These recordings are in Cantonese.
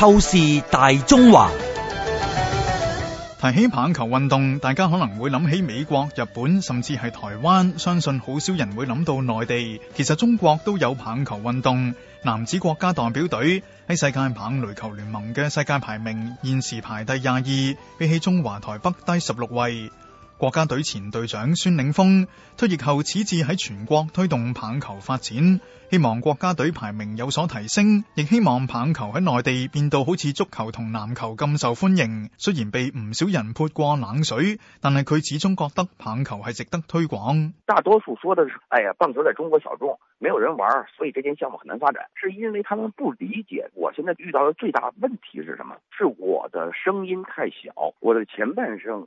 透視大中華。提起棒球運動，大家可能會諗起美國、日本，甚至係台灣。相信好少人會諗到內地。其實中國都有棒球運動，男子國家代表隊喺世界棒壘球聯盟嘅世界排名現時排第廿二，比起中華台北低十六位。國家隊前隊長孫嶺峰退役後，此次喺全國推動棒球發展，希望國家隊排名有所提升，亦希望棒球喺內地變到好似足球同籃球咁受歡迎。雖然被唔少人潑過冷水，但係佢始終覺得棒球係值得推廣。大多數說的是：哎呀，棒球在中國小眾，沒有人玩，所以這件項目很難發展，是因為他們不理解我。我現在遇到的最大問題是什麼？是我的聲音太小，我的前半生。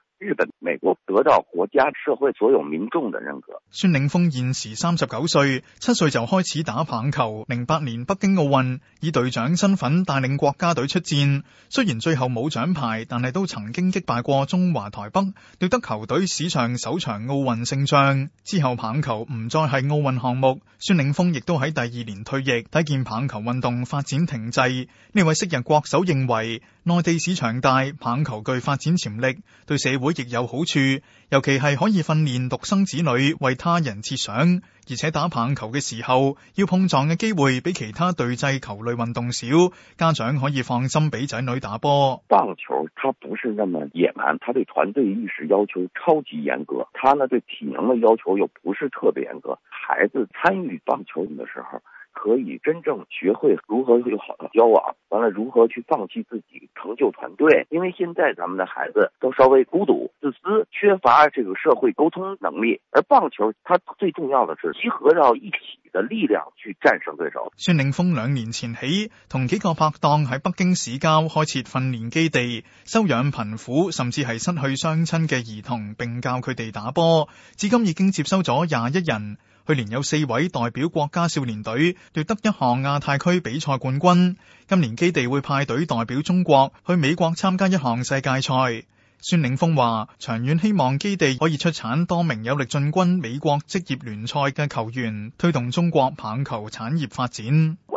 日本、美國得到國家、社會所有民眾的認可。孫嶺峰現時三十九歲，七歲就開始打棒球，零八年北京奧運以隊長身份帶領國家隊出戰，雖然最後冇獎牌，但係都曾經擊敗過中華台北，奪得球隊史上首場奧運勝仗。之後棒球唔再係奧運項目，孫嶺峰亦都喺第二年退役，睇見棒球運動發展停滯，呢位昔日國手認為內地市場大，棒球具發展潛力，對社會。亦有好處，尤其係可以訓練獨生子女為他人設想，而且打棒球嘅時候要碰撞嘅機會比其他對制球類運動少，家長可以放心俾仔女打波。棒球，他不是那麼野蠻，他對團隊意識要求超級嚴格，他呢對體能嘅要求又不是特別嚴格，孩子參與棒球嘅時候。可以真正學會如何去好的交往，完了如何去放棄自己，成就團隊。因為現在咱們的孩子都稍微孤獨、自私，缺乏這個社會溝通能力。而棒球，它最重要的是集合到一起的力量去戰勝對手。孫嶺峰兩年前起，同幾個拍檔喺北京市郊開設訓練基地，收養貧苦甚至係失去雙親嘅兒童，並教佢哋打波。至今已經接收咗廿一人。去年有四位代表國家少年隊奪得一項亞太區比賽冠軍。今年基地會派隊代表中國去美國參加一項世界賽。孫嶺峰話：長遠希望基地可以出產多名有力進軍美國職業聯賽嘅球員，推動中國棒球產業發展。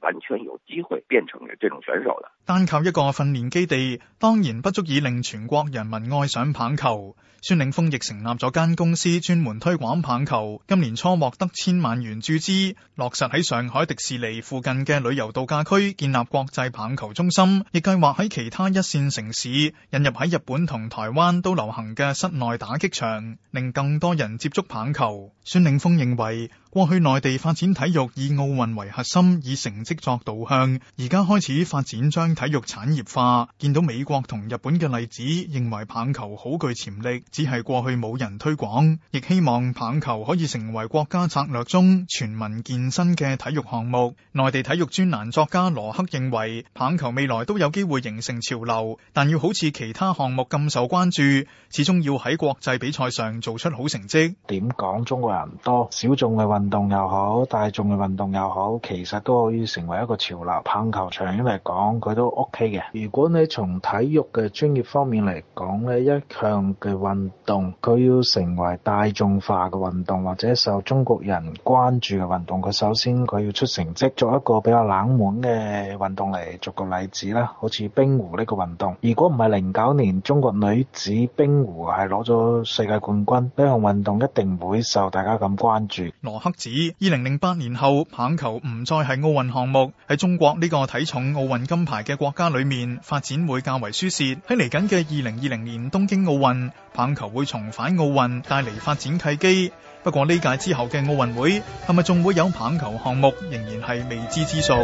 完全有機會變成這種選手的，單靠一個訓練基地，當然不足以令全國人民愛上棒球。孫嶺峰亦成立咗間公司，專門推廣棒球。今年初獲得千萬元注資，落實喺上海迪士尼附近嘅旅遊度假區建立國際棒球中心，亦計劃喺其他一線城市引入喺日本同台灣都流行嘅室內打擊場，令更多人接觸棒球。孫嶺峰認為，過去內地發展體育以奧運為核心，以成績作導向，而家開始發展將體育產業化。見到美國同日本嘅例子，認為棒球好具潛力。只係過去冇人推廣，亦希望棒球可以成為國家策略中全民健身嘅體育項目。內地體育專欄作家羅克認為，棒球未來都有機會形成潮流，但要好似其他項目咁受關注，始終要喺國際比賽上做出好成績。點講？中國人多，小眾嘅運動又好，大眾嘅運動又好，其實都可以成為一個潮流。棒球長遠嚟講，佢都 O K 嘅。如果你從體育嘅專業方面嚟講呢，一向嘅運運動佢要成為大眾化嘅運動，或者受中國人關注嘅運動，佢首先佢要出成績，作一個比較冷門嘅運動嚟作個例子啦。好似冰壺呢個運動，如果唔係零九年中國女子冰壺係攞咗世界冠軍，呢項運動一定唔會受大家咁關注。羅克指二零零八年後棒球唔再係奧運項目，喺中國呢個體重奧，奧運金牌嘅國家裏面發展會較為輸蝕。喺嚟緊嘅二零二零年東京奧運。棒球會重返奧運，帶嚟發展契機。不過，呢屆之後嘅奧運會，係咪仲會有棒球項目，仍然係未知之數。